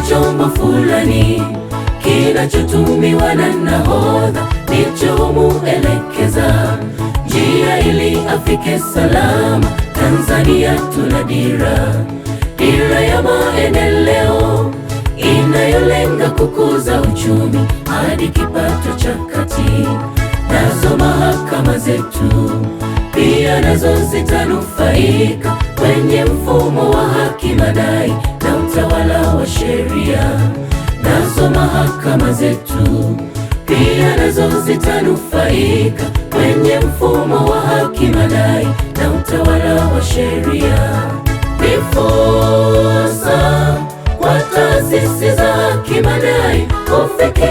ni chombo fulani kinachotumiwa na nahodha, ndicho muelekeza njia ili afike salama. Tanzania tuna dira, dira ya maendeleo inayolenga kukuza uchumi hadi kipato cha kati. Nazo mahakama zetu pia nazo zitanufaika kwenye mfumo wa haki madai utawala wa sheria, nazo mahakama zetu pia nazo zitanufaika kwenye mfumo wa haki, madai na utawala wa sheria. Ni fursa kwa taasisi za haki, madai kufikia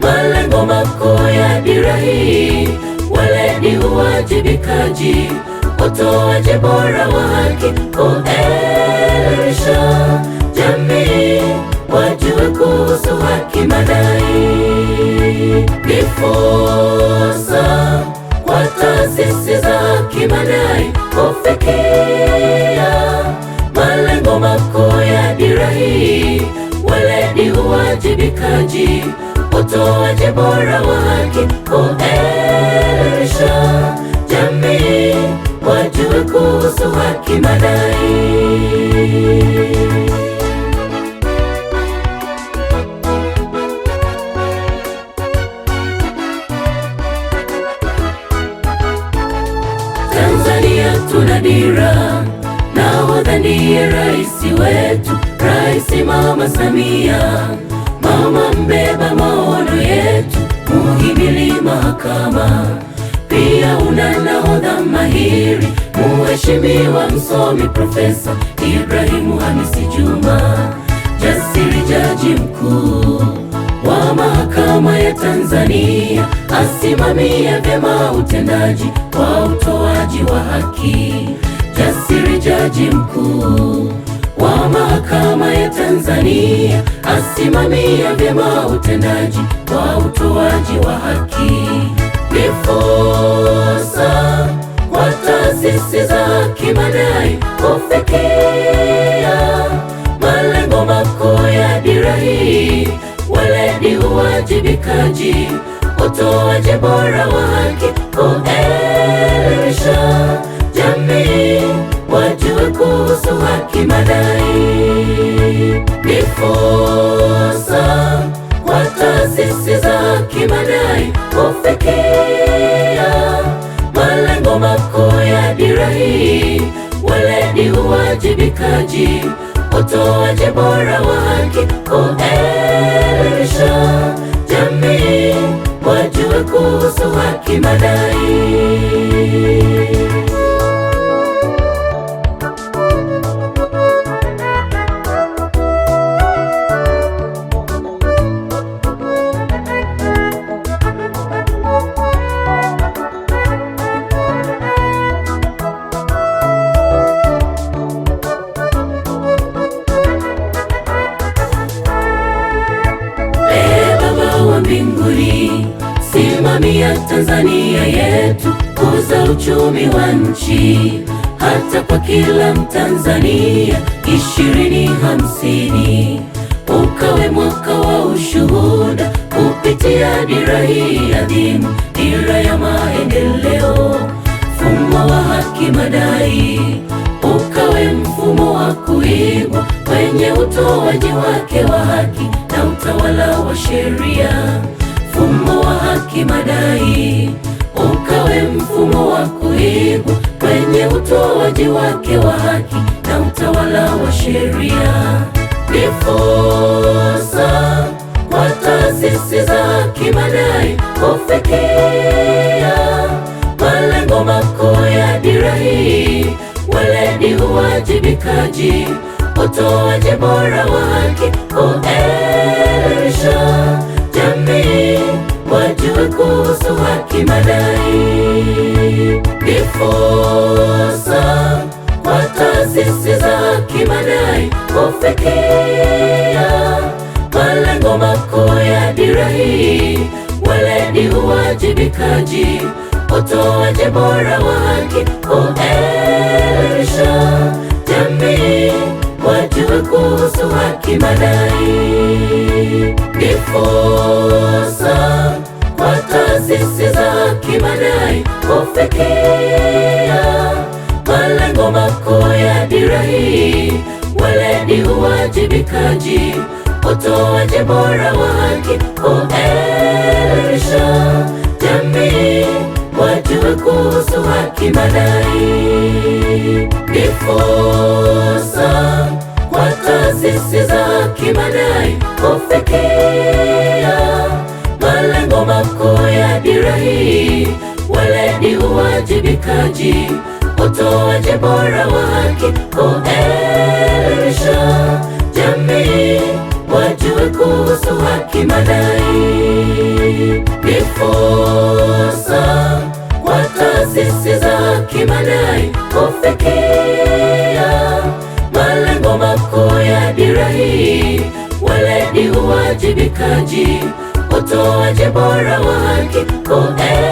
malengo makuu ya dira hii. Wale ni uwajibikaji, utoaji bora wa haki kuelimisha jamii wajue kuhusu haki madai. Ni fursa kwa taasisi za haki madai kufikia malengo makuu ya dira hii, weledi, uwajibikaji, utoaji bora wa haki, kuelimisha jamii wajue kuhusu haki madai. Bwana ndiye rais wetu, Rais Mama Samia, mama mbeba maono yetu, muhimili mahakama, pia una nahodha mahiri, Mheshimiwa msomi Profesa Ibrahimu Hamisi Juma, jasiri jaji mkuu wa mahakama ya Tanzania, asimamia vyema utendaji wa utoaji wa haki jasiri jaji mkuu wa mahakama ya Tanzania asimamia vyema utendaji wa utoaji wa haki. Ni fursa kwa taasisi za kimadai kufikia malengo makuu ya dira hii, weledi, uwajibikaji, utoaji bora wa haki kimadai ni fursa kwa taasisi za kimadai kufikia malengo makuu ya dira hii: weledi, uwajibikaji, utoaji bora wa haki kuisimamia Tanzania yetu, kuza uchumi wa nchi hata kwa kila Mtanzania, ishirini hamsini ukawe mwaka wa ushuhuda kupitia dira hii adhimu, dira ya maendeleo, mfumo wa haki madai ukawe mfumo wa kuigwa kwenye utoaji wake wa haki na utawala wa sheria mfumo wa haki madai ukawe mfumo wa kuigwa kwenye utoaji wake wa haki na utawala wa sheria. Ni fursa kwa taasisi za haki madai kufikia malengo makuu ya dira hii: weledi, uwajibikaji, utoaji bora wa haki, kuelimisha uso wake madai. Ni fursa kwa taasisi za kimadai kufikia malengo makuu ya dira hii. Weledi, uwajibikaji, utoaji bora wa haki, kuelimisha jamii wajue kuhusu haki madai. kufikia malengo makuu ya dira hii. ni uwajibikaji, utoaji bora wa haki huelimisha jamii wajue kuhusu haki, madai ni fursa kwa taasisi za haki madai kufikia malengo makuu ya dira hii uwajibikaji, utoaji bora wa haki, kuelimisha jamii wajue kuhusu haki, madai ni fursa kwa taasisi za haki madai kufikia malengo makuu ya dira hii, weledi, uwajibikaji, utoaji bora wa haki